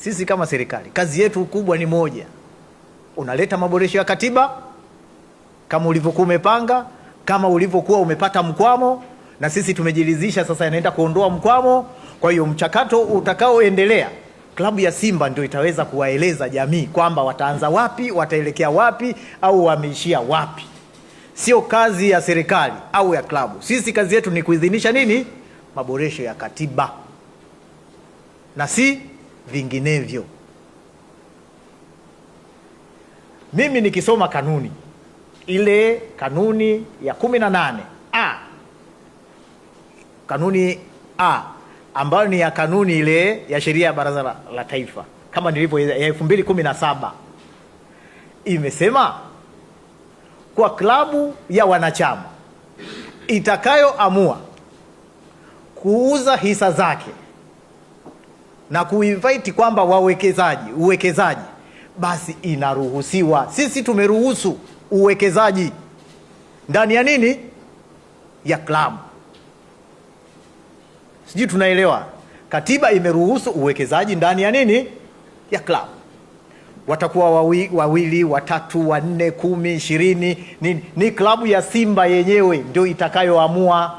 Sisi kama serikali kazi yetu kubwa ni moja, unaleta maboresho ya katiba kama ulivyokuwa umepanga, kama ulivyokuwa umepata mkwamo, na sisi tumejiridhisha sasa yanaenda kuondoa mkwamo. Kwa hiyo mchakato utakaoendelea, klabu ya Simba ndio itaweza kuwaeleza jamii kwamba wataanza wapi, wataelekea wapi, au wameishia wapi. Sio kazi ya serikali au ya klabu. Sisi kazi yetu ni kuidhinisha nini, maboresho ya katiba na si vinginevyo. Mimi nikisoma kanuni ile, kanuni ya kumi na nane a kanuni a ambayo ni ya kanuni ile ya sheria ya Baraza la, la Taifa kama nilivyo ya elfu mbili kumi na saba imesema kwa klabu ya wanachama itakayoamua kuuza hisa zake na kuinvite kwamba wawekezaji uwekezaji, basi inaruhusiwa. Sisi tumeruhusu uwekezaji ndani ya nini, ya klabu. Sijui tunaelewa. Katiba imeruhusu uwekezaji ndani ya nini, ya klabu. Watakuwa wawi, wawili, watatu, wanne, kumi, ishirini. Ni, ni klabu ya Simba yenyewe ndio itakayoamua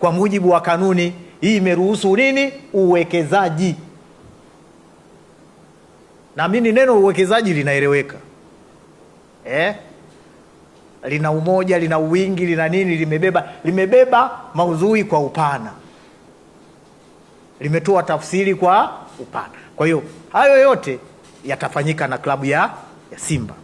kwa mujibu wa kanuni hii imeruhusu nini? Uwekezaji. Naamini neno uwekezaji linaeleweka eh? Lina umoja, lina uwingi, lina nini, limebeba limebeba maudhui kwa upana, limetoa tafsiri kwa upana. Kwa hiyo hayo yote yatafanyika na klabu ya, ya Simba.